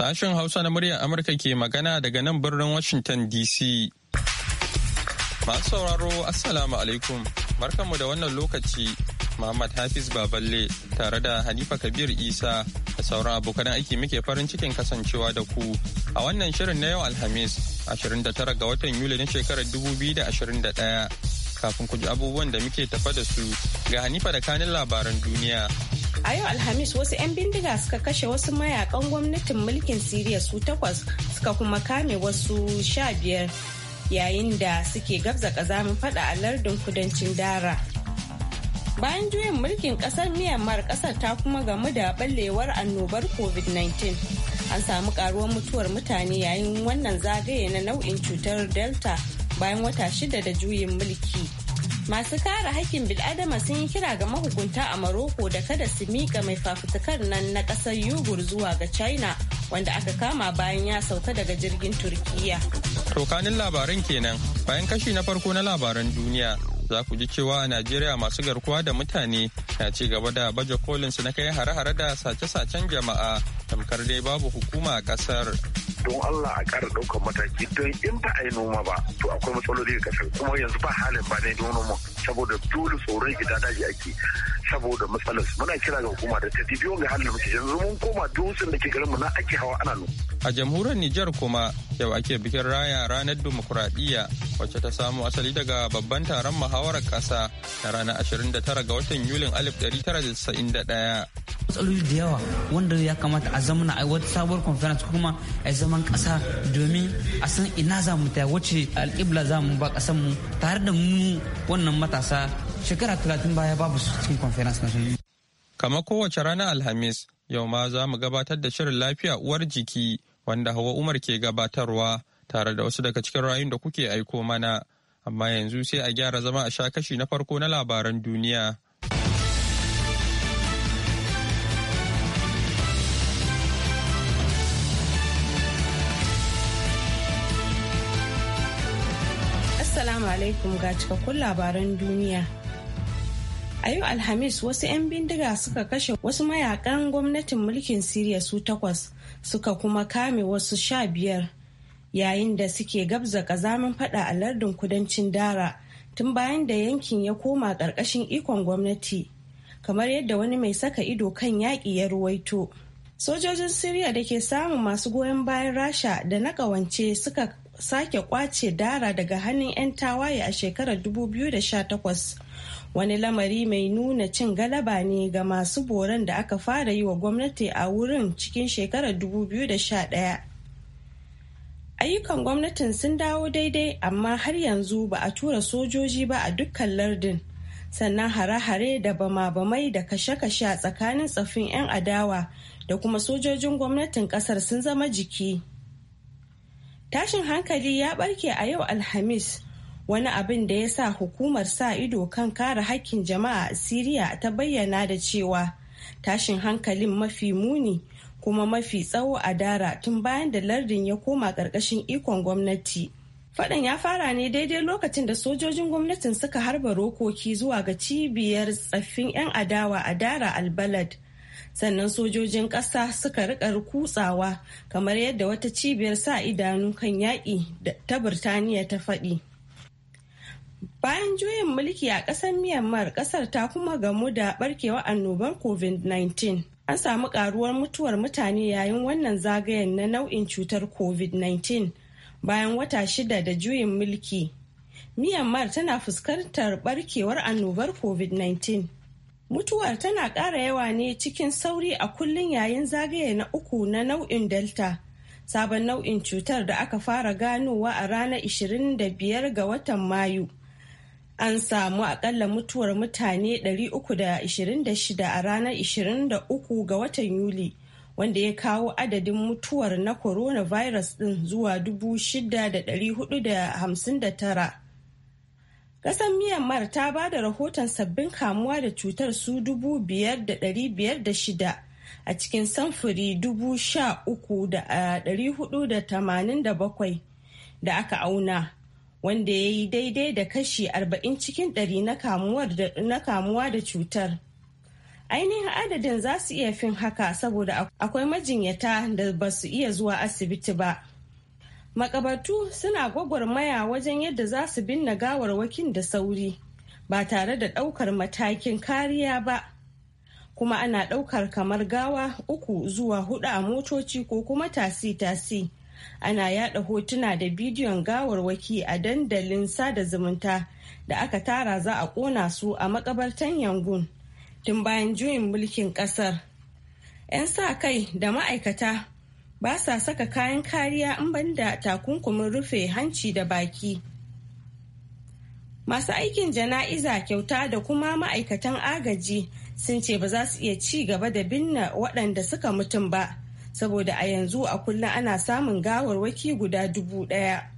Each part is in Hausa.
Sashen Hausa na muryar Amurka ke magana daga nan birnin Washington DC. Masu sauraro Assalamu alaikum, barkanmu da wannan lokaci. Muhammad Hafiz Baballe tare da Hanifa Kabir Isa da sauran abokan aiki muke farin cikin kasancewa da ku a wannan shirin na yau Alhamis 29 ga watan Yuli na shekarar 2021 kafin ku ji abubuwan da muke tafa da su ga Hanifa da kanin labaran duniya. A yau Alhamis wasu 'yan bindiga suka kashe wasu mayakan gwamnatin mulkin Siriya su takwas suka kuma kame wasu sha biyar yayin da suke gabza kazamin fada a lardin kudancin Dara. Bayan juyin mulkin kasar Myanmar kasar ta kuma gamu da ballewar annobar COVID-19. An samu karuwar mutuwar mutane yayin wannan zagaye na nau'in cutar Delta bayan wata shida da juyin mulki. Masu kare hakkin bil'adama sun yi kira ga mahukunta a Maroko da kada su miƙa mai fafutukar nan na ƙasar Yugur zuwa ga China wanda aka kama bayan ya sauka daga jirgin Turkiya. Tokanin labaran kenan bayan kashi na farko na labaran duniya za ku ji cewa a Najeriya masu garkuwa da mutane na ci gaba da baje kolin na kai hare-hare da sace-sacen jama'a tamkar dai babu hukuma a kasar. don Allah a ƙara ɗaukar mataki don in ba a yi noma ba to akwai matsaloli da kasar kuma yanzu ba halin ba ne noman saboda dole tsoron gida daji ake saboda matsalar muna kira ga hukuma da ta biyo ga halin muke yanzu mun koma dutsen da ke garinmu na ake hawa ana nu. A jamhuriyar Nijar kuma yau ake bikin raya ranar dimokuraɗiyya wacce ta samo asali daga babban taron muhawarar ƙasa na ranar 29 ga watan Yulin 1991. matsaloli da yawa wanda ya kamata a zamana a wata sabuwar conference kuma a zaman kasa domin a san ina za mu ta wace alƙibla za mu ba ƙasar mu tare da mu wannan matasa shekara talatin baya babu su cikin conference kamar kowace ranar alhamis yau ma za mu gabatar da shirin lafiya uwar jiki wanda hawa umar ke gabatarwa tare da wasu daga cikin rayun da kuke aiko mana amma yanzu sai a gyara zama a sha kashi na farko na labaran duniya alaikum ga cikakkun labaran duniya. A yau Alhamis wasu 'yan bindiga suka kashe wasu mayakan gwamnatin mulkin Siriya su takwas suka kuma kame wasu sha biyar yayin da suke gabza kazamin fada a lardin kudancin Dara tun bayan da yankin ya koma ƙarƙashin ikon gwamnati kamar yadda wani mai saka ido kan yaƙi ya ruwaito. sojojin siriya da ke samun masu goyon bayan rasha da na ƙawance suka sake kwace dara daga hannun 'yan tawaye a shekarar 2018 wani lamari mai nuna cin galaba ne ga masu boran da aka fara yi wa gwamnati a wurin cikin shekarar 2011 ayyukan gwamnatin sun dawo daidai amma har yanzu ba a tura sojoji ba a dukkan lardin sannan hare-hare da bama-bamai da kashe-kashe a tsakanin tsaffin 'yan adawa da kuma sojojin gwamnatin kasar sun zama jiki tashin hankali ya barke a yau alhamis wani abin da ya sa hukumar sa ido kan kare hakkin jama'a a siriya ta bayyana da cewa tashin hankalin mafi muni kuma mafi tsawo a dara tun bayan da lardin ya koma ƙarƙashin ikon gwamnati faɗan ya fara ne daidai lokacin da sojojin gwamnatin suka harba rokoki zuwa ga cibiyar tsaffin 'yan adawa a dara albalad sannan sojojin ƙasa suka rika kutsawa kamar yadda wata cibiyar sa idanu kan yaƙi ta birtaniya ta faɗi bayan juyin mulki a ƙasar myanmar ƙasar ta kuma gamu da barkewa annobar covid-19 an samu ƙaruwar mutuwar mutane yayin wannan zagayen na nau'in cutar covid-19 bayan wata shida da juyin mulki myanmar tana fuskantar barkewar annobar covid-19 Mutuwar tana ƙara yawa ne cikin sauri a kullum yayin zagaye na uku na nau'in Delta. Sabon nau'in cutar da aka fara ganowa a ranar 25 ga watan Mayu. An samu akalla mutuwar mutane 326 a ranar 23 ga watan Yuli, wanda ya kawo adadin mutuwar na coronavirus ɗin zuwa 6,459. Ƙasar Myanmar ta ba da rahoton sabbin kamuwa da cutar su dubu da shida a cikin samfuri dubu da aka auna wanda ya yi daidai da kashi arba'in cikin 100 na kamuwa da cutar. Ainihin adadin za su iya fin haka saboda akwai majinyata da ba su iya zuwa asibiti ba. Makabartu suna gwagwarmaya wajen yadda za su binne gawarwakin da sauri ba tare da ɗaukar matakin kariya ba. Kuma ana ɗaukar kamar gawa uku zuwa hudu a motoci ko kuma tasi-tasi. Ana yada hotuna da bidiyon gawarwaki a dandalin sada zumunta da aka tara za a ƙona su a makabartan Yangun tun bayan juyin mulkin ƙasar. 'Yan sa kai da ma'aikata ba sa saka kayan kariya in banda takunkumin rufe hanci da baki masu aikin jana'iza kyauta da kuma ma'aikatan agaji sun ce ba za su iya ci gaba da binne waɗanda suka mutum ba saboda a yanzu a kullum ana samun gawarwaki guda dubu ɗaya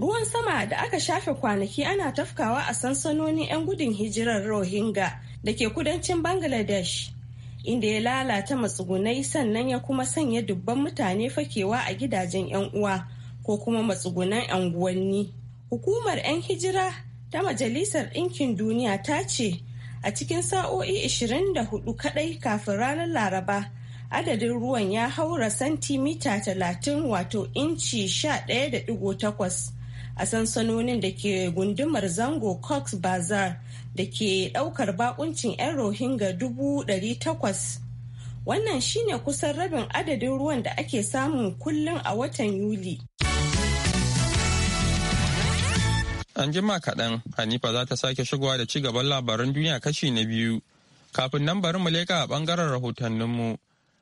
ruwan sama da aka shafe kwanaki ana tafkawa a sansanonin 'yan gudun hijirar rohingya da ke kudancin bangladesh inda ya lalata matsugunai sannan ya kuma sanya dubban mutane fakewa a gidajen 'yan uwa ko kuma matsugunan anguwanni. Hukumar 'yan hijira ta Majalisar Ɗinkin Duniya ta ce a cikin sa'o'i 24 kadai kafin ranar Laraba adadin ruwan ya haura santimita 30 wato inci 11.8 a sansanonin da ke gundumar zango cox bazar da ke daukar bakuncin 'yan rohingya dubu takwas. wannan shine kusan rabin adadin ruwan da ake samun kullum a watan yuli an jima kaɗan hanifa za ta sake shigowa da ci gaban labaran duniya kashi na biyu kafin nan bari mu leka a ɓangaren rahotanninmu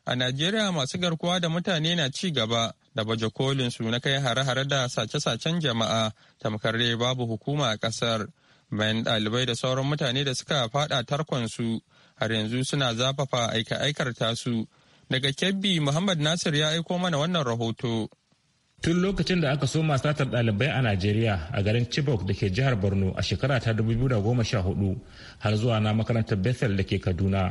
a najeriya masu garkuwa da mutane na ci gaba da baje kolin su na kai hare-hare da sace-sacen jama'a tamkar babu hukuma a kasar bayan dalibai da sauran mutane da suka fada tarkon su har yanzu suna zafafa aika-aikar tasu daga kebbi muhammad nasir ya aiko mana wannan rahoto tun lokacin da aka so satar dalibai a najeriya a garin chibok da ke jihar borno a shekara ta 2014 har zuwa na makarantar bethel da ke kaduna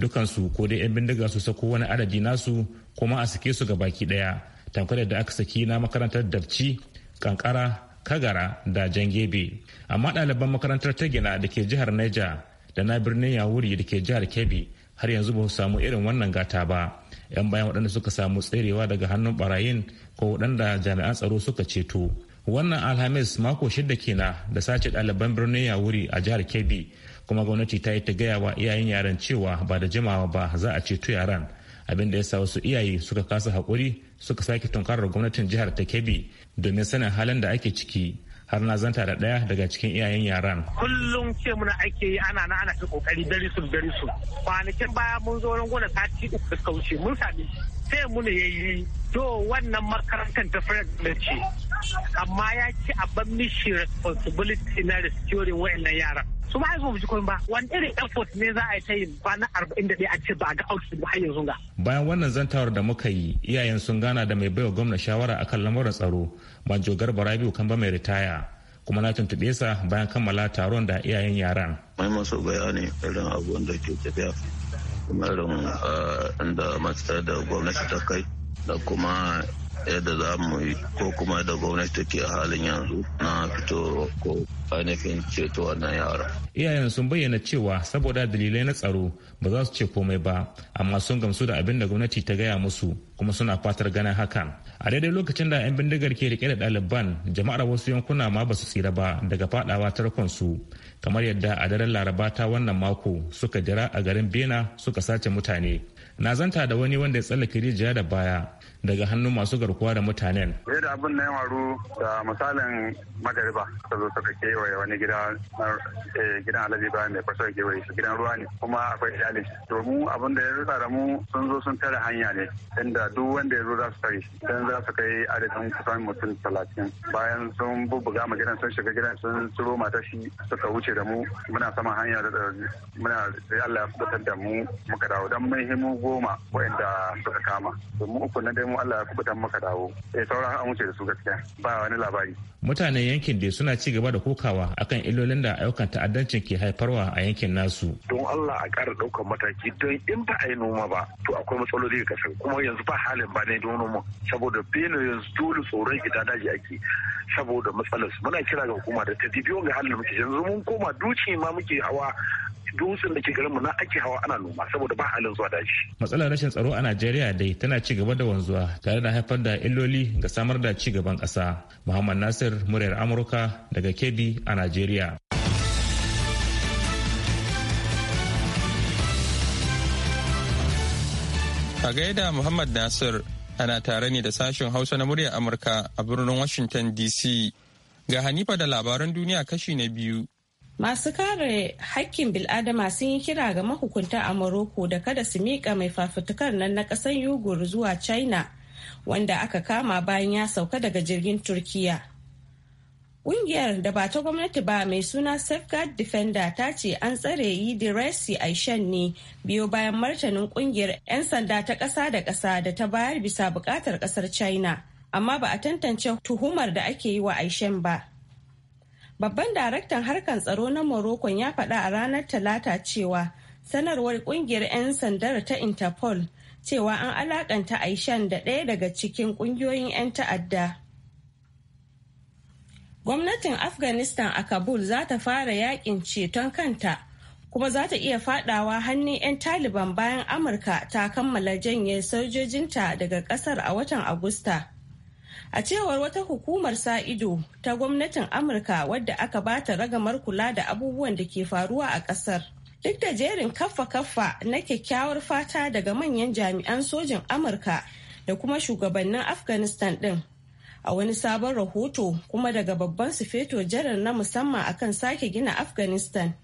dukansu ko dai 'yan bindiga su sako wani adadi nasu kuma a sake su ga baki daya. tamkar da aka saki na makarantar dabci kankara kagara da jangebe amma ɗaliban makarantar tagina gina da ke jihar neja da na birnin yawuri da ke jihar kebbi har yanzu ba su samu irin wannan gata ba yan bayan waɗanda suka samu tserewa daga hannun barayin ko waɗanda jami'an tsaro suka ceto wannan alhamis mako shida kenan da sace ɗaliban birnin yawuri a jihar kebbi kuma gwamnati ta yi ta gaya wa iyayen yaran cewa ba da jimawa ba za a ceto yaran abin da ya sa wasu iyaye suka kasa haƙuri suka sake tunkarar gwamnatin jihar ta kebbi domin sanin halin da ake ciki har na zanta da ɗaya daga cikin iyayen yaran. Kullum ce muna ake yi ana na ana ta kokari dare su dare su. Kwanakin baya mun zo ran gona sati uku da mun sami sai mun yayi to wannan makarantar ta fara ce amma ya ce a ban mishi responsibility na restoring wa'annan yaran su ma haifu ji ba wani irin effort ne za a yi ta yin kwana arba'in da ɗaya a ce ba a ga outfit ba har yanzu ga. bayan wannan zantawar da muka yi iyayen sun gana da mai baiwa gwamna shawara a kan lamarin tsaro banjo garba rabiu ba mai ritaya kuma na tuntuɓe sa bayan kammala taron da iyayen yaran. mai masu bayani irin abubuwan da ke tafiya kuma irin eh, inda matsayar da gwamnati ta kai da kuma yadda za mu yi ko kuma da gwamnati take a halin yanzu na fito ko ainihin ceto wannan yara. Iyayen sun bayyana cewa saboda dalilai na tsaro ba za su ce komai ba amma sun gamsu da abin da gwamnati ta gaya musu kuma suna fatar ganin hakan. A daidai lokacin da 'yan bindigar ke rike da ɗaliban jama'ar wasu yankuna ma ba su tsira ba daga fadawa tarkon su kamar yadda a daren laraba ta wannan mako suka jira a garin bena suka sace mutane. Na zanta da wani wanda ya tsallake rijiya da baya daga hannun masu garkuwa da mutanen. Sai da abin na ya waru da misalin magariba ta zo suka kewaye wani gida eh, gidan alaji bayan mai fasa kewaye su gidan ruwa ne kuma akwai iyali. To mu abin da ya rutsa da mu sun zo sun tare hanya ne inda duk wanda ya zo za su tare don za su kai adadin kusan mutum talatin bayan sun bubbuga ma gidan sun shiga gidan sun ciro mata shi suka wuce da mu muna sama hanya da muna da Allah ya fitar da mu muka dawo don mun himu goma waɗanda suka kama. Mu uku na dai mu Allah ya kubutan maka dawo eh sauran an wuce da su gaskiya ba wani labari mutanen yankin da suna ci gaba da kokawa akan ilolin da ayyukan ta'addancin ke haifarwa a yankin nasu don Allah a ƙara daukar mataki don in ba a yi noma ba to akwai matsaloli ga kasar kuma yanzu ba halin ba ne don noma saboda bene yanzu dole tsoron gida daji ake saboda matsalar muna kira ga hukuma da ta dibiyo ga halin muke yanzu mun koma duci ma muke hawa dutsen da ke garin na ake hawa ana noma saboda ba halin zuwa dashi. matsalar rashin tsaro a Najeriya dai tana ci gaba da wanzuwa tare da haifar da illoli ga samar da ci gaban ƙasa Muhammad Nasir muryar Amurka daga Kebbi a Najeriya A gaida Muhammad Nasir ana tare ne da sashen Hausa na muryar Amurka a birnin Washington DC. Ga Hanifa da labaran duniya kashi na biyu. Masu kare hakkin bil'adama sun yi kira ga mahukunta a Morocco da kada su miƙa mai fafutukar nan na ƙasar Yugur zuwa China wanda aka kama bayan ya sauka daga jirgin Turkiya. Ƙungiyar da ba ta gwamnati ba mai suna Safeguard Defender ta ce an tsare yi diresi Aishan ne biyo bayan martanin ƙungiyar 'yan sanda ta ƙasa da ƙasa da ta bayar bisa buƙatar ƙasar China, amma ba a tantance tuhumar da ake yi wa Aishan ba. Babban daraktan harkar tsaro na Morocco ya faɗa a ranar Talata cewa sanarwar kungiyar 'yan sandar ta Interpol cewa an alakanta Aishan da ɗaya daga cikin ƙungiyoyin 'yan ta'adda. Gwamnatin Afghanistan a Kabul za ta fara yakin ceton kanta kuma za ta iya fadawa hannun 'yan Taliban bayan Amurka ta kammala janye sojojinta daga kasar a watan Agusta. A cewar wata hukumar sa ido ta gwamnatin Amurka wadda aka bata ragamar kula da abubuwan da ke faruwa a ƙasar. Duk da jerin kaffa-kaffa na kyakkyawar fata daga manyan jami'an sojin Amurka da kuma shugabannin Afghanistan ɗin. A wani sabon rahoto kuma daga babban sufeto jarar na musamman akan sake gina Afghanistan.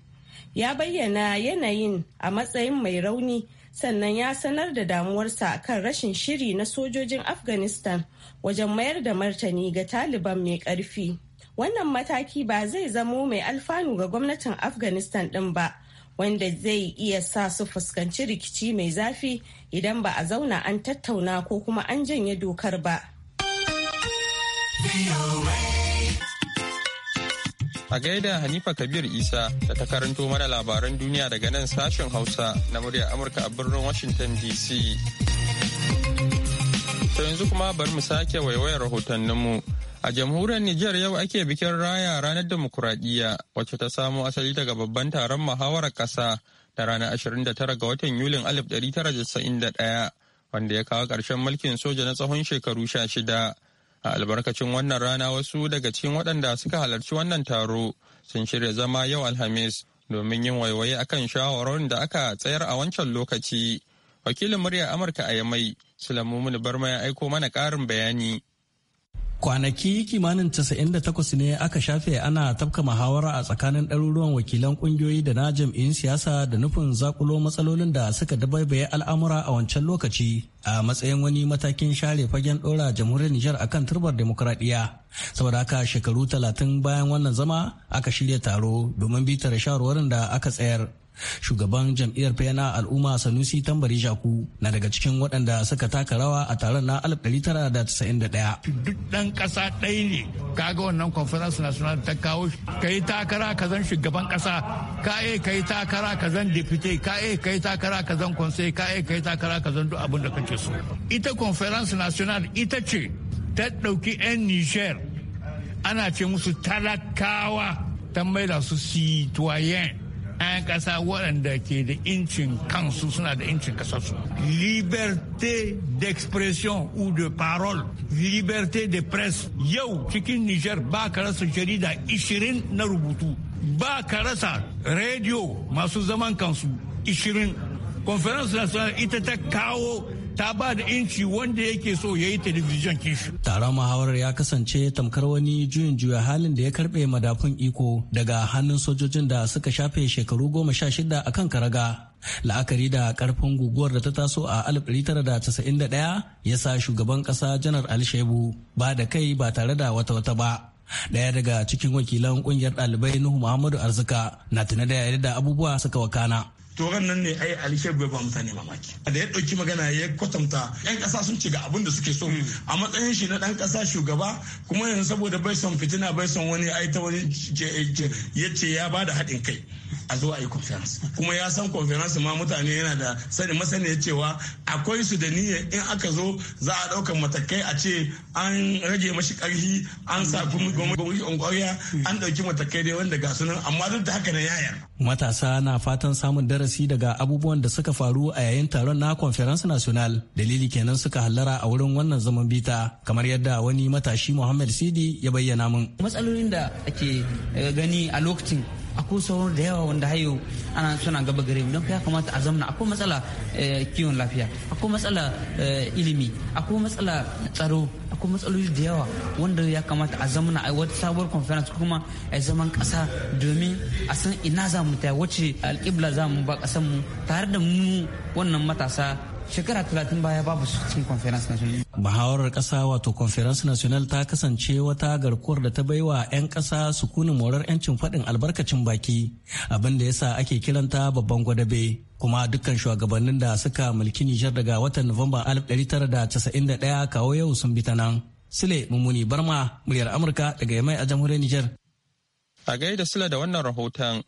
Ya bayyana yanayin a matsayin mai rauni sannan ya sanar da damuwarsa kan rashin shiri na sojojin afghanistan wajen mayar da martani ga taliban mai karfi wannan mataki ba zai zamo mai alfanu ga gwamnatin afghanistan din ba wanda zai iya sa su fuskanci rikici mai zafi idan ba a zauna an tattauna ko kuma an janye dokar ba. A gaida Hanifa Kabir Isa da ta karanto mana labaran duniya daga nan sashen Hausa na muryar Amurka a birnin Washington DC. To yanzu kuma bari mu sake waiwayar rahotanninmu. A jamhuriyar Nijar yau ake bikin raya ranar demokuraɗiyya wacce ta samo asali daga babban taron muhawarar ƙasa da ranar 29 ga watan Yulin 1991 wanda ya kawo ƙarshen mulkin soja na tsawon shekaru 16. a albarkacin wannan rana wasu daga cikin waɗanda suka halarci wannan taro sun shirya zama yau alhamis domin yin waiwaye akan shawarorin da aka tsayar a wancan lokaci wakilin muryar amurka a yamai Sulaimu barma ya aiko mana ƙarin bayani kwanaki kimanin 98 ne aka shafe ana tafka muhawara a tsakanin ɗaruruwan wakilan ƙungiyoyi da na jam'in siyasa da nufin zakulo matsalolin da suka dabaibaye al'amura a wancan lokaci a matsayin wani matakin share fagen ɗora jamhuriyar nijar a kan turbar demokuraɗiyya saboda haka shekaru 30 bayan wannan zama aka shirya taro domin bitar shawarwarin da aka tsayar shugaban jam'iyyar fena al'umma sanusi tambari jaku na daga cikin waɗanda suka taka rawa a taron na 1991 duk ɗan ƙasa ɗaya ne kaga wannan conference national ta kawo ka yi takara ka zan shugaban ƙasa ka e ka yi takara ka zan deputy ka e ka yi takara ka zan conseil ka e ka yi takara ka zan duk abin da kake so ita conference national ita ce ta ɗauki 'yan niger ana ce musu talakawa ta maida su citoyen 'yan ƙasa waɗanda ke da incin kansu suna da incin kasarsu. Liberté d'expression ou de parole, liberté de presse. Yau cikin Nijar ba ka rasa jarida 20 na rubutu, ba ka rasa rediyo masu zaman kansu 20. Conference National ita ta kawo ta ba da inci wanda yake so ya yi talabijin kishi. Taron muhawarar ya kasance tamkar wani juyin juya halin da ya karbe madafun iko daga hannun sojojin da suka shafe shekaru goma sha shida a kan karaga. La'akari da karfin guguwar da ta taso a 1991 ya sa shugaban kasa janar Alshebu ba da kai ba tare da wata wata ba. Daya daga cikin wakilan kungiyar ɗalibai Nuhu Muhammadu Arzika na tuna da abubuwa suka wakana. to nan ne ai alishar bai ba mutane mamaki da ya ɗauki magana ya kwatanta yan ƙasa sun ci ga abin da suke so hmm. a matsayin shi na ɗan ƙasa shugaba kuma yanzu saboda bai son fitina bai son wani ai ta wani ya ce ya ba da haɗin kai a zo a yi conference kuma ya san conference ma mutane yana da sani ya cewa akwai su da niyya in aka zo za a ɗaukar matakai a ce an rage mashi ƙarfi an sa gwamnati ƙwarya an ɗauki matakai dai wanda ga sunan amma duk da haka na yaya matasa na fatan samun dare. darasi daga abubuwan da suka faru a yayin taron na conference national dalili kenan suka hallara a wurin wannan zaman bita kamar yadda wani matashi muhammad sidi ya bayyana min matsalolin da ake eh, gani a lokacin akwai sauran da yawa wanda hayo ana suna gaba gare don ya kamata a zamna akwai matsala eh, kiwon lafiya akwai matsala eh, ilimi akwai matsala tsaro akwai matsaloli da yawa wanda ya kamata a zamana a wata sabuwar conference kuma a zaman kasa domin a san ina za mu taya wace alƙibla za mu ba ƙasar mu tare da mu wannan matasa shekara talatin baya babu su cikin conference national. Muhawarar kasa wato conference national ta kasance wata garkuwar da ta baiwa 'yan ƙasa sukunin morar 'yancin faɗin albarkacin baki abin da yasa ake kiranta babban gwadabe. kuma dukkan shugabannin da suka mulki Nijar daga watan Nuwamba 1991 kawo yau sun bi ta nan. Sule Mummuni Barma, muryar Amurka daga Yamai a jamhuriyar Nijar. A gaida Sule da wannan rahoton,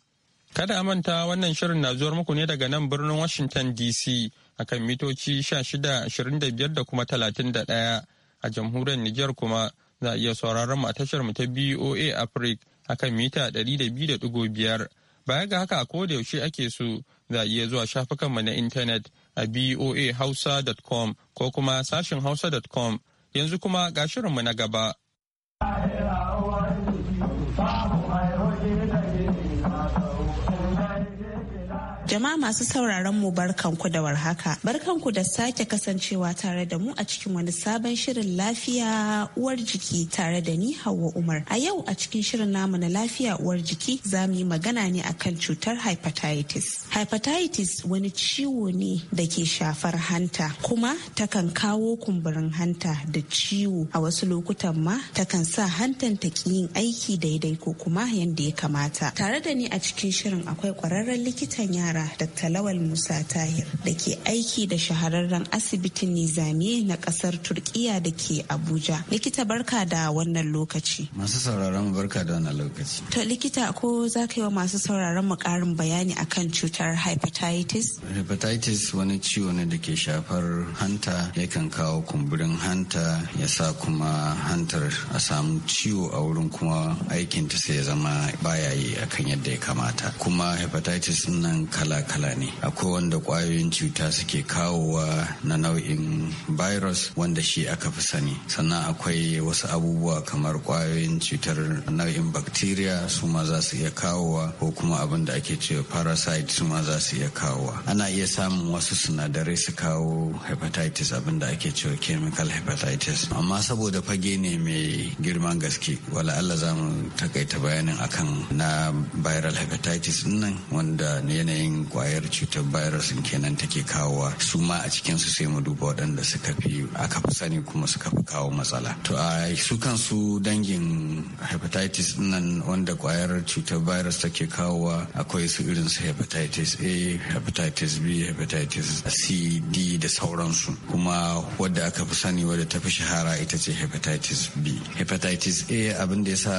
kada a manta wannan shirin na zuwar muku ne daga nan birnin Washington DC a kan mitoci 16, da kuma 31 a jamhuriyar Nijar kuma za a iya sauraron mu a tashar mu ta BOA Africa kan mita 200.5 baya ga haka a koda yaushe ake so za a iya zuwa shafukanmu na intanet a boahausa.com ko kuma sashin hausa.com yanzu kuma ga shirinmu na gaba. Jama'a masu sauraron mu barkanku da warhaka. Barkanku da sake kasancewa tare da mu a cikin wani sabon shirin lafiya uwar jiki tare da ni Hauwa Umar. A yau a cikin shirin namu na lafiya uwar jiki za mu yi magana ne akan cutar hepatitis. Hepatitis wani ciwo ne da ke shafar hanta kuma takan kawo kumburin hanta da ciwo a wasu lokutan ma takan sa hantan ta ki yin aiki daidai ko kuma yanda ya kamata. Tare da ni a cikin shirin akwai kwararren likitan yara yara Dr. Lawal Musa Tahir da ke aiki da shahararren asibitin Nizami na kasar Turkiya da ke Abuja. Likita barka da wannan lokaci. Masu sauraron barka da wannan lokaci. To likita ko za ka yi wa masu sauraron mu karin bayani akan cutar hepatitis? Hepatitis wani ciwo ne da ke shafar hanta yakan kawo kumburin hanta ya sa kuma hantar a samu ciwo a wurin kuma aikin ta sai ya zama baya yi akan yadda ya kamata. Kuma hepatitis nan kala-kala ne akwai wanda kwayoyin cuta suke kawowa na nau'in virus wanda shi aka fi sani sannan akwai wasu abubuwa kamar kwayoyin cutar nau'in bacteria su ma za su iya kawowa ko kuma abin da ake cewa parasite su ma za su iya kawowa ana iya samun wasu sinadarai su kawo hepatitis abin da ake cewa chemical hepatitis amma saboda fage ne mai girman gaske wala Allah za mu takaita bayanin akan na viral hepatitis nan wanda yanayin kwayar cutar virus kenan take kawowa su ma a cikinsu sai mu duba waɗanda suka fi aka fi sani kuma suka fi kawo matsala to a su kansu dangin hepatitis nan wanda kwayar cutar virus take kawowa akwai su irin su hepatitis a hepatitis b hepatitis c d da sauransu kuma wadda aka fi sani wadda ta fi shahara ita ce hepatitis b hepatitis a abin da ya sa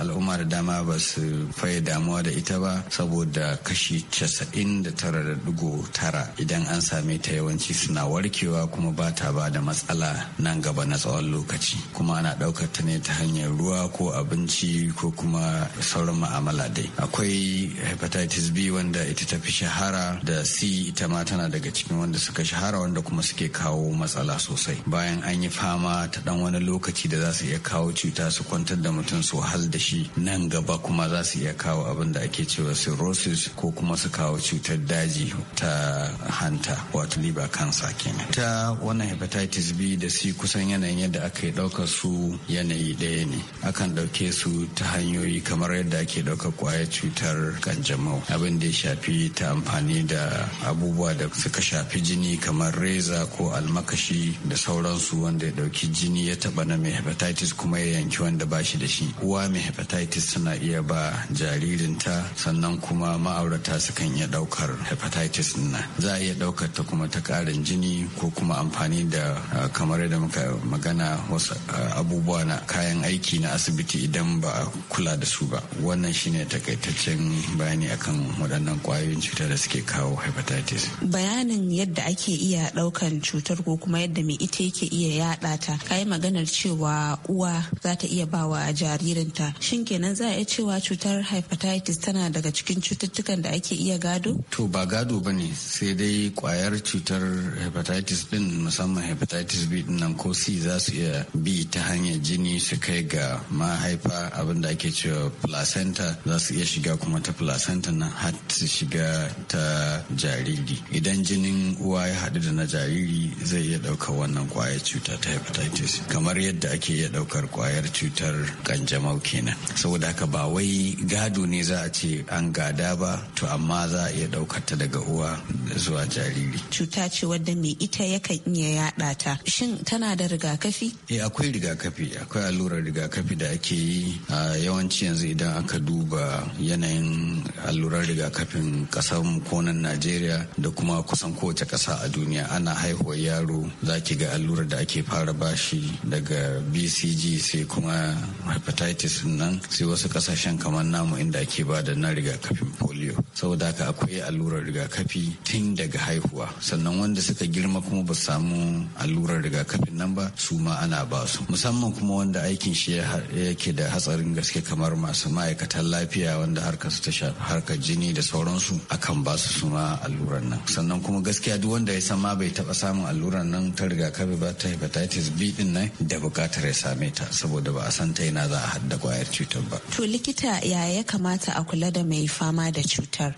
al'umma da dama ba su faye damuwa da ita ba saboda kashi tara idan an same ta yawanci suna warkewa kuma ba ta ba da matsala nan gaba na tsawon lokaci kuma ana ɗaukar ta ne ta hanyar ruwa ko abinci ko kuma sauran ma'amala dai akwai hepatitis b wanda ita ta fi shahara da c ita ma tana daga cikin wanda suka shahara wanda kuma suke kawo matsala sosai bayan an yi fama ta dan wani lokaci da za su iya kawo cuta su kwantar da mutum su hal da shi nan gaba kuma za su iya kawo abin da ake cewa cirrhosis ko kuma su kawo cutar daji ta hanta wato liver cancer kenan ta wannan hepatitis b da c kusan yanayin yadda aka yi ɗaukar su yanayi ɗaya ne akan ɗauke su ta hanyoyi kamar yadda ake ɗaukar kwaya cutar kanjamau abin da ya shafi ta amfani da abubuwa da suka shafi jini kamar reza ko almakashi da sauransu wanda ya ɗauki jini ya taɓa na mai hepatitis kuma ya yanki wanda ba shi da shi uwa mai hepatitis suna iya ba jaririnta sannan kuma ma'aurata sukan iya daukar hepatitis na za a iya daukar ta kuma ta karin jini ko kuma amfani da ah, kamar da muka magana wasu ah, abubuwa na kayan aiki na asibiti idan ba a kula da su ba wannan shine takaitaccen bayani akan waɗannan kwayoyin cuta da suke kawo hepatitis bayanin yadda ake iya daukan cutar ko kuma yadda mai ita yake iya yaɗa ta kayi maganar cewa uwa za ta iya bawa jaririnta shin kenan za a iya cewa cutar hepatitis tana daga cikin cututtukan da ake iya gano. gado? To ba gado ba ne sai dai kwayar cutar hepatitis din musamman hepatitis B din nan ko C za su iya bi ta hanyar jini su kai ga mahaifa abin da ake cewa placenta za su iya shiga kuma ta placenta nan har su shiga ta jariri. Idan jinin uwa ya haɗu da na jariri zai iya ɗaukar wannan kwayar cuta ta hepatitis kamar yadda ake iya ɗaukar kwayar cutar kanjamau kenan. Saboda haka ba wai gado ne za a ce an gada ba to amma za a iya ɗaukar ta daga uwa zuwa jariri. Cuta ce wadda mai ita yakan iya yaɗa ta. Shin tana da rigakafi? Eh akwai rigakafi akwai allurar rigakafi da ake yi a yawanci yanzu idan aka duba yanayin allurar rigakafin ƙasar konan Najeriya da kuma kusan kowace ƙasa a duniya ana haihuwar yaro za ki ga allurar da ake fara bashi daga BCG sai kuma hepatitis nan sai wasu ƙasashen kamar namu inda ake ba da na rigakafin polio. Saboda haka akwai allurar rigakafi tun daga haihuwa sannan wanda suka girma kuma ba samu allurar rigakafin nan ba su ma ana ba su musamman kuma wanda aikin shi yake da hatsarin gaske kamar masu ma'aikatan lafiya wanda harkar su ta shafi harkar jini da sauransu akan ba su su ma allurar nan sannan kuma gaskiya duk wanda ya san ma bai taba samun allurar nan ta rigakafi ba ta hepatitis B din nan da bukatar ya same ta saboda ba a san ta yana za a hadda kwayar cutar ba to likita ya ya kamata a kula da mai fama da cutar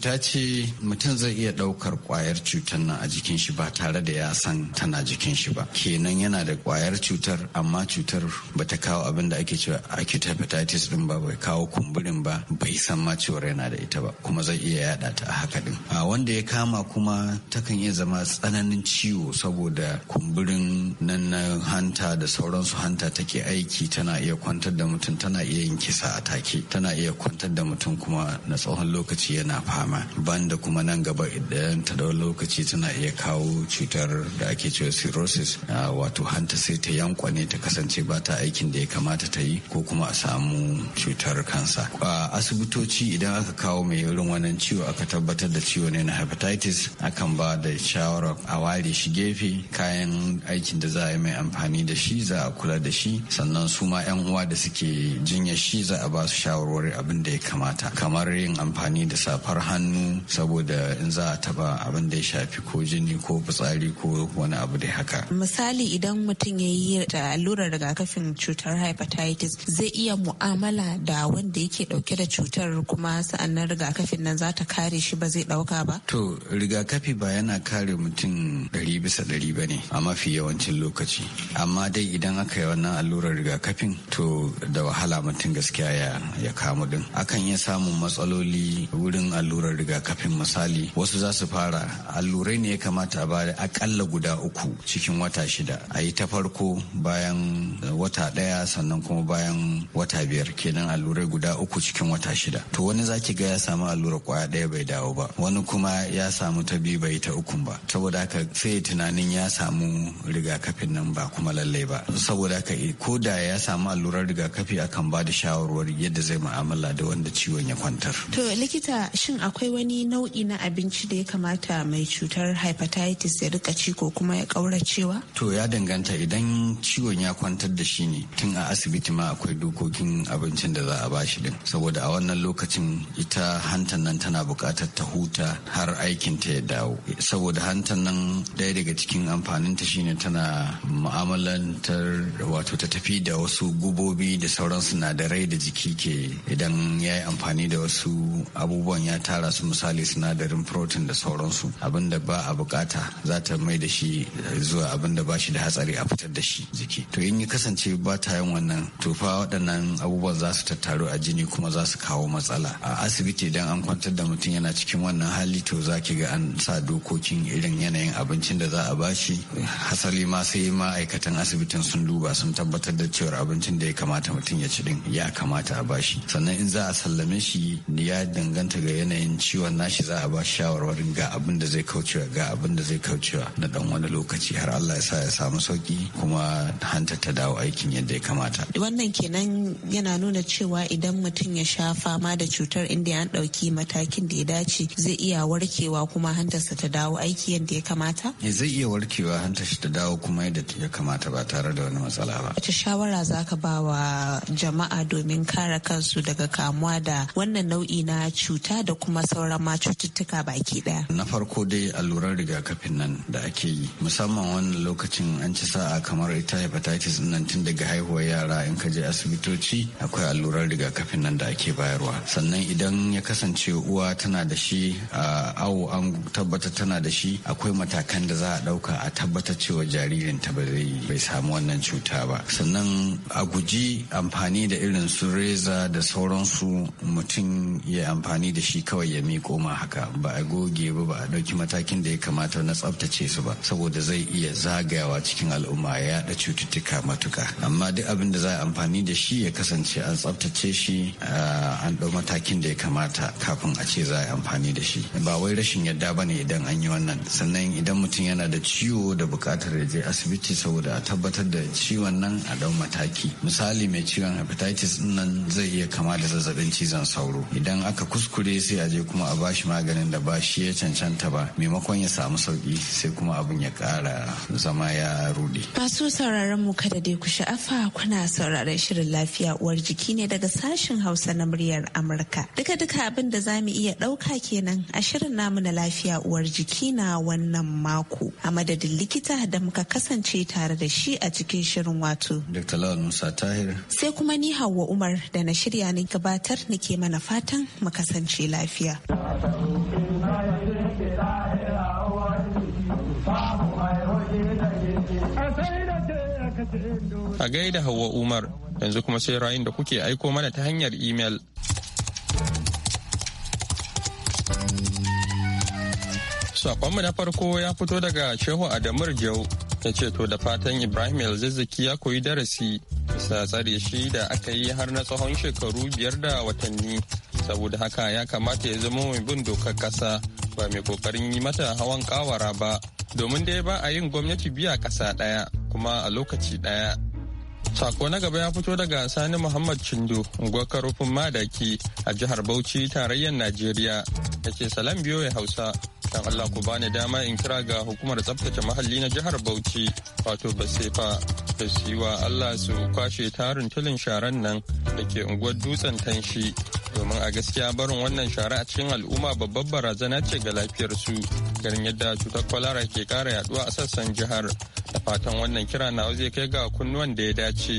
cuta ce mutum zai iya ɗaukar kwayar cutar nan a jikin shi ba tare da ya san tana jikin shi ba kenan yana da kwayar cutar amma cutar ba ta kawo abin da ake cewa acute hepatitis din ba bai kawo kumburin ba bai san ma cewar yana da ita ba kuma zai iya yada ta a haka din a wanda ya kama kuma takan iya zama tsananin ciwo saboda kumburin nan na hanta da sauransu hanta take aiki tana iya kwantar da mutum tana iya yin kisa a take tana iya kwantar da mutum kuma na tsawon lokaci yana fama dama banda kuma nan gaba idan ta dau lokaci tana iya kawo cutar da ake cewa cirrhosis wato hanta sai ta yankwa ne ta kasance ba ta aikin da ya kamata ta yi ko kuma a samu cutar kansa a asibitoci idan aka kawo mai irin wannan ciwo aka tabbatar da ciwo ne na hepatitis akan ba da shawara a ware shi gefe kayan aikin da za a yi mai amfani da shi za a kula da shi sannan su ma 'yan uwa da suke jinya shi za a ba su shawarwari abin da ya kamata kamar yin amfani da safar hannu hannu saboda in za a taba abin da ya shafi ko jini ko fitsari ko wani abu da haka misali idan mutum ya yi da allurar rigakafin cutar hepatitis zai iya mu'amala da wanda yake dauke da cutar kuma sa'annan rigakafin nan za ta kare shi ba zai dauka ba to rigakafi ba yana kare mutum ɗari bisa ɗari ba ne a mafi yawancin lokaci amma dai idan aka yi wannan allurar rigakafin to da wahala mutum gaskiya ya kamu din akan iya samun matsaloli wurin allurar allurar rigakafin misali wasu za su fara allurai ne ya kamata ba akalla guda uku cikin wata shida a yi ta farko bayan wata ɗaya sannan kuma bayan wata biyar kenan allurai guda uku cikin wata shida to wani zaki ga ya samu allurar kwaya ɗaya bai dawo ba wani kuma ya samu ta biyu bai ta ukun ba saboda haka sai tunanin ya samu rigakafin nan ba kuma lallai ba saboda haka eh, ko da ya samu allurar rigakafi akan ba da shawarwari yadda zai mu'amala da wanda ciwon ya kwantar to likita shin akwai akwai wani nau'i na abinci da ya kamata mai cutar hepatitis ya rika ci ko kuma ya cewa? To ya danganta idan ciwon ya kwantar da shi ne tun a asibiti ma akwai dokokin abincin da za a ba shi din. Saboda a wannan lokacin ita hantan nan tana buƙatar ta huta har aikin ta ya dawo. Saboda hantan nan ɗaya daga cikin amfaninta shine tana mu'amalantar wato ta tafi da wasu gubobi da sauran sinadarai da jiki ke idan ya yi amfani da wasu abubuwan ya tara tattara su misali sinadarin protein da sauransu abin da ba a bukata za ta mai da shi zuwa abin da ba shi da hatsari a fitar da shi jiki to in ya kasance ba ta yin wannan tofa waɗannan abubuwan za su tattaru a jini kuma za su kawo matsala a asibiti idan an kwantar da mutum yana cikin wannan hali to za ki ga an sa dokokin irin yanayin abincin da za a bashi hasali ma sai ma'aikatan asibitin sun duba sun tabbatar da cewar abincin da ya kamata mutum ya ci din ya kamata a bashi sannan in za a sallame shi ya danganta ga yanayin ciwon nashi za a ba shawarwarin ga abin da zai kaucewa ga abin da zai kaucewa na dan wani lokaci har Allah ya sa ya samu sauki kuma hanta ta dawo aikin yadda ya kamata. Wannan kenan yana nuna cewa idan mutum ya sha fama da cutar inda an ɗauki matakin da ya dace zai iya warkewa kuma hantarsa ta dawo aiki yadda ya kamata? Eh, zai iya warkewa hantar shi ta dawo kuma yadda ya kamata ba tare da wani matsala ba. Wace shawara za ka ba wa jama'a domin kare kansu daga kamuwa da wannan nau'i na cuta da kuma sauran ma cututtuka baki daya. Na farko dai allurar rigakafin nan da ake yi musamman wannan lokacin an ci sa'a kamar ita hepatitis nan tun daga haihuwar yara in ka je asibitoci akwai allurar rigakafin nan da ake bayarwa sannan idan ya kasance uwa tana da shi a awo an tabbata tana da shi akwai matakan da za a ɗauka a tabbatar cewa jaririnta ba zai bai samu wannan cuta ba sannan a guji amfani da irin su reza da sauransu mutum ya amfani da shi kawai ya miƙo haka ba a goge ba ba a ɗauki matakin da ya kamata na tsabtace su ba saboda zai iya zagayawa cikin al'umma ya yaɗa cututtuka matuka amma duk abin da za a amfani da shi ya kasance an tsabtace shi ah, an ɗau matakin da ya kamata kafin a ce za a amfani da shi ba wai rashin yadda ba ne idan an yi wannan sannan idan mutum yana da ciwo da buƙatar ya je asibiti saboda a tabbatar da ciwon nan a ɗau mataki misali mai ciwon hepatitis nan zai iya kama da zazzabin cizon sauro idan aka kuskure sai a je je kuma a bashi maganin da ba shi ya cancanta ba maimakon ya samu sauki sai kuma abin ya kara zama ya rude. Masu sauraron mu kada dai ku sha'afa kuna sauraron shirin lafiya uwar jiki ne daga sashen Hausa na muryar Amurka. Duka duka abin da za mu iya ɗauka kenan a shirin namu na lafiya uwar jiki na wannan mako. A madadin likita da muka kasance tare da shi a cikin shirin wato. Dr. Lawal Musa Tahir. Sai kuma ni Hauwa Umar da na shirya ni gabatar nake mana fatan mu kasance lafiya. najeriya a gaida hawa umar yanzu kuma sai rayun da kuke aiko mana ta hanyar imel Sakonmu na farko ya fito daga Shehu Adamur Jau ya ce to da fatan Ibrahim Elzazzaki ya koyi darasi bisa tsare shi da aka yi har na tsawon shekaru biyar da watanni saboda haka ya kamata ya zama mai bin dokar kasa ba mai kokarin yi mata hawan kawara ba domin dai ba a yin gwamnati biya kasa daya kuma a lokaci daya sako na gaba ya fito daga sani muhammad chindo gwakar rufin madaki a jihar bauchi tarayyar najeriya da ke salam biyo ya hausa dan allah ku bani dama in kira ga hukumar tsabtace mahalli na jihar bauchi wato basefa da siwa allah su kwashe tarin tulin sharan nan da ke unguwar dutsen tanshi domin a gaskiya barin wannan shara a cikin al'umma babbar barazana ce ga lafiyarsu garin yadda cutar kwalara ke kara yaduwa a sassan jihar da fatan wannan kira na zai kai ga kunnuwan da ya dace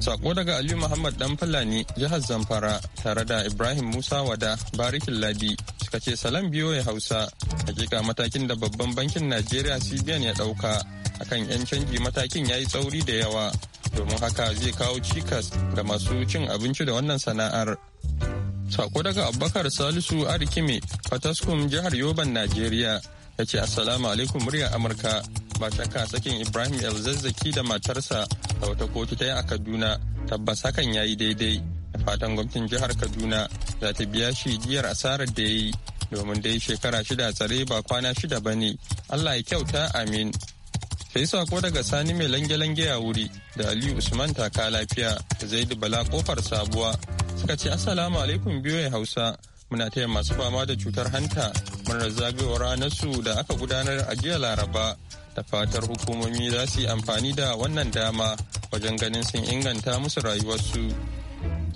sako daga aliyu muhammad dan fulani jihar zamfara tare da ibrahim musa wada barikin ladi suka ce salam biyo ya hausa hakika matakin da babban bankin najeriya cbn ya dauka akan yan canji matakin ya yi tsauri da yawa domin haka zai kawo cikas ga masu cin abinci da wannan sana'ar. Sako daga Abubakar Salisu Arikimi, Fataskum jihar Yoban, Najeriya, ya ce Assalamu alaikum murya Amurka, ba shakka sakin Ibrahim Elzazzaki da matarsa da wata kotu ta yi a Kaduna, tabbas hakan ya yi daidai. Da fatan gwamnatin jihar Kaduna za ta biya shi diyar asarar da ya yi, domin dai shekara shida tsare ba kwana shida ba ne. Allah ya kyauta amin. sai sako daga sani mai lange-lange a wuri da aliyu usman taka lafiya da zaidu bala kofar sabuwa suka ce assalamu alaikum biyoyi hausa muna taya masu fama da cutar hanta murar ranar su da aka gudanar a jiya laraba da fatar hukumomi za su yi amfani da wannan dama wajen ganin sun inganta musu rayuwarsu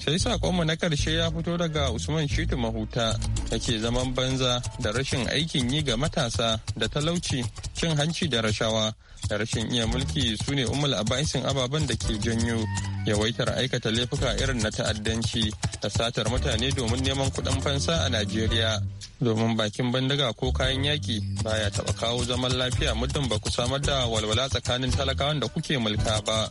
sai sakonmu na karshe ya fito daga usman shitu mahuta da ke zaman banza da rashin aikin yi ga matasa da talauci cin hanci da rashawa da rashin iya mulki su ne umul aba'isin ababen da ke janyo yawaitar aikata laifuka irin na ta'addanci da satar mutane domin neman kuɗin fansa a najeriya domin bakin bandiga ko kayan yaƙi baya taɓa kawo zaman lafiya muddin ba ku samar da walwala tsakanin talakawan da kuke mulka ba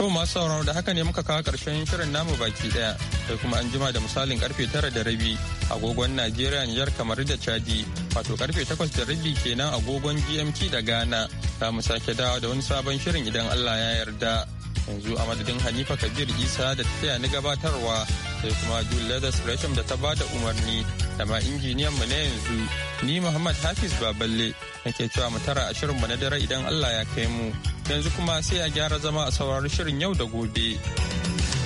To masu sauraro da haka ne muka kawo karshen shirin namu baki daya sai kuma an jima da misalin karfe tara da rabi agogon Najeriya 'yar kamar da Chadi wato karfe takwas da rabi kenan agogon GMT da Ghana za mu sake dawa da wani sabon shirin idan Allah ya yarda. yanzu a madadin hanifa kabir isa da ta taya ni gabatarwa sai kuma julius gresham da ta ba da umarni da ma injiniyan mu na yanzu ni muhammad hafiz baballe nake cewa mu tara ashirin mu na dare idan allah ya kai mu yanzu kuma sai a gyara zama a saurari shirin yau da gobe.